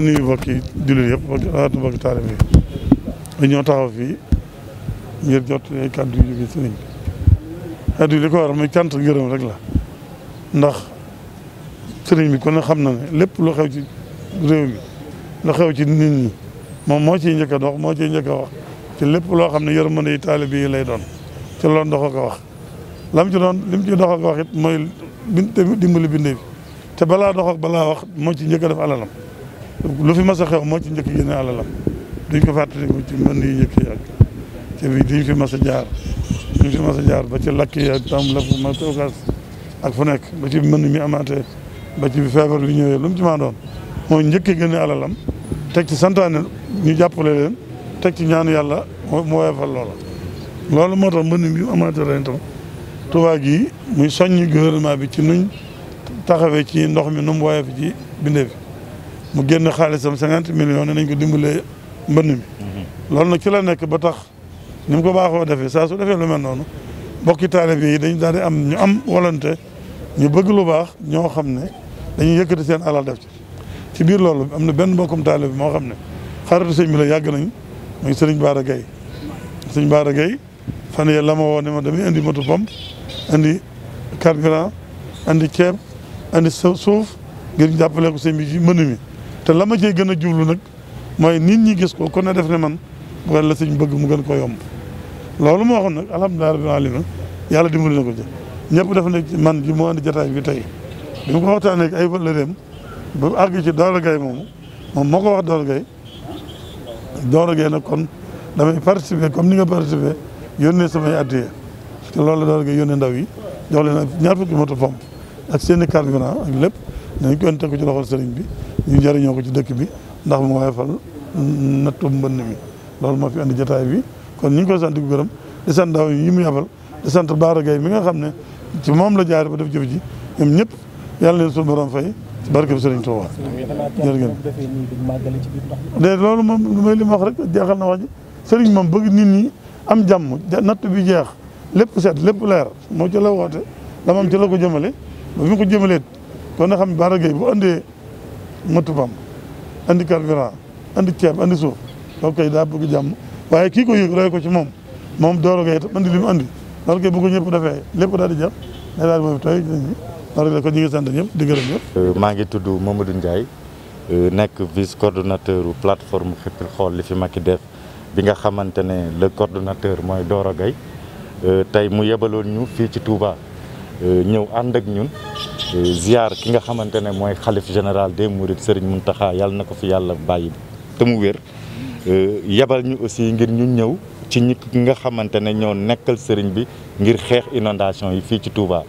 di nuyu mbokki jullit yëpp rawatina mbokki taalibe yi ba ñoo taxaw fii ngir jot ay kàddu yu bi yi ko war muy cant gërëm rek la ndax sëriñ bi kon a xam na ne lépp lu xew ci réew mi lu xew ci nit moo njëkk a moo ciy njëkk a ci loo xam ne yërmande yi taalibe lay doon ci loon dox ko wax lam ci doon lim ci dox ko wax it mooy dimbali wax moo ci njëkk a def lu fi mas a xew moo ci njëkk génne alalam duñ ko fàttaliku ci mbënd yu njëkk yi ak ci bi duñ fi mas a jaar ba ci lakk yi ak tam la fu ma toogaas ak fu nekk ba ci mbënd mi amaatee ba ci feebar bi ñëwee lu mu ci maa doon moo njëkk génne alalam teg ci santaane ñu jàppale leen teg ci ñaanu yàlla moo woyofal loola loolu moo tax mbënd mi amaatee ren tam Touba gii muy soñ gouvernement bi ci nuñ taxawee ci ndox mi nu mu woyof ci bindee fi mu génn xaalisam cinquante millions ne nañ ko dimbalee mbënn mi mhm. loolu nag ci la nekk ba tax ni ko baaxoo defee saa su defee lu mel noonu bokki taalibe yi dañ daal di am ñu am volonté ñu bëgg lu baax ñoo xam ne dañuy yëkkati seen alal def ci ci biir loolu am na benn mbokkum taalibe moo xam ne xaritu sëñ bi la yàgg nañ muy sëriñ Baara Gueye sëñ Baara Gueye fan yee la ma woo ne ma damay indi moto pompe indi carburant indi ceeb indi suuf ngir jàppale ko sëñ mbënn mi te la ma cey gën a jublu nag mooy nit ñi gis ko kon ne def ne man wala la sëñ bëgg mu gën ko yomb loolu moo waxoon nag alhamdulilah rabbil alamin yàlla dimbali na ko ja ñëpp def ne man ji moo andi jataay bi tey bi mu ko waxtaanee ak ay wëllëreem ba àgg ci Daouda Gaye moomu moom moo ko wax Daouda Gaye Daouda Gaye nag kon damay participer comme ni nga participer yónnee samay addiya te loolu la Daouda Gaye yónnee ndaw yi jox leen ak ñaar fukki moto pompe ak seen i carburant ak lépp dañ ko indi teg ko ci bi ñu jëriñoo ko ci dëkk bi ndax mu woyofal nattu mbënn mi loolu moo fi andi jotaay bi kon ñu ko koy sant bu gërëm di sant ndaw yi mu yabal di sant Baara Gaye mi nga xam ne ci moom la jaar ba def jëf ji ñoom ñëpp yàlla leen suñu borom fay ci barke bi Sëriñ Tuuba jërë ngeen de loolu moom lu may li ma wax rek jeexal na wax ji sëriñ moom bëgg nit ñi am jàmm natt bi jeex lépp set lépp leer moo ci la woote la moom ci la ko jëmale ba fi mu ko jëmaleet kon a xam Baara Gaye bu andee matu fam indi carburant andi ceeb andi suuf loolu koy daa bëgg jàmm waaye kii ko yëg roy ko ci moom moom dooro ga itam andi li mu andi ñëpp defee lépp daal di jàpp ne daal boobu tey loolu ko ñu ngi sant ñëpp di euh, maa ngi tudd Mamadou Ndiaye euh, nekk vice coordonnateur plateforme Xippil Xool li fi Macky def bi nga xamante ne le coordonnateur mooy Doro Gaye euh, tey mu yebaloon ñu fii ci tuubaa Euh, ñëw ànd ak ñun euh, ziar ki nga xamante ne mooy xalif général des Mourides mun Mountakha yàlla na ko fi yàlla bàyyi te mu wér euh, yebal ñu aussi ngir ñu ñëw ci ñi nga xamante ne ñoo nekkal sëriñ bi ngir xeex inondation yi fii ci Touba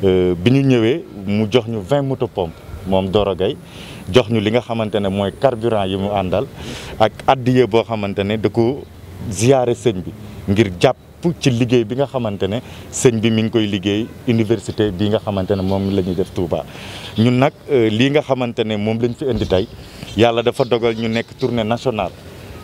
bi ñu ñëwee mu jox ñu vingt moto pompe moom Doro Gaye jox ñu li nga xamante ne mooy carburant yi mu àndal ak addiye boo xamante da ko ziyaare sëñ bi ngir jàpp ci liggéey bi nga xamante ne sëñ bi mi ngi koy liggéey université bi nga xamante ne moom la ñuy def Touba ñun nag euh, lii nga xamante ne moom lañ fi indi tey yàlla dafa dogal ñu nekk tournée nationale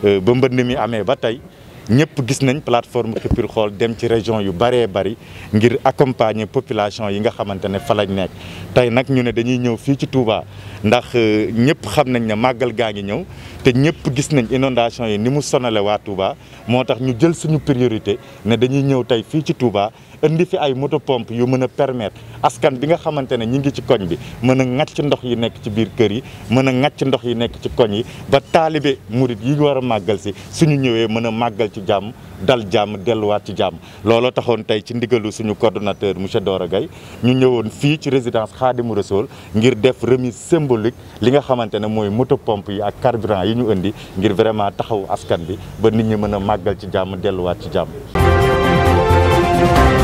euh, ba mbënn mi amee ba tey ñëpp gis nañ plateforme Kipir Xool dem ci région yu bëree bari ngir accompagner population yi nga xamante ne fa lañ nekk tey nag ñu ne dañuy ñëw fii ci Touba ndax euh, ñëpp xam nañ ne màggal gaa ngi ñëw te ñëpp gis nañ inondation yi ni mu sonale waa Touba moo tax ñu jël suñu priorité ne dañuy ñëw tey fii ci Touba indi fi ay moto pompe yu mën a permettre askan bi nga xamante ne ñi ngi ci koñ bi mën a ŋàcc ndox yi nekk ci biir kër yi mën a ŋàcc ndox yi nekk ci koñ yi ba taalibe murit yi war a màggal si su suñu ñëwee mën a màggal ci jàmm dal jàmm delluwaat ci jàmm looloo taxoon tey ci ndigalu suñu coordonnateur monsieur Dora Gaye ñu ñëwoon fii ci résidence Khadimou Rassoul ngir def remise symbolique li nga xamante ne mooy moto pompe yi ak carburant yi ñu indi ngir vraiment taxawu askan bi ba nit ñi mën a màggal ci jàmm delluwaat ci jàmm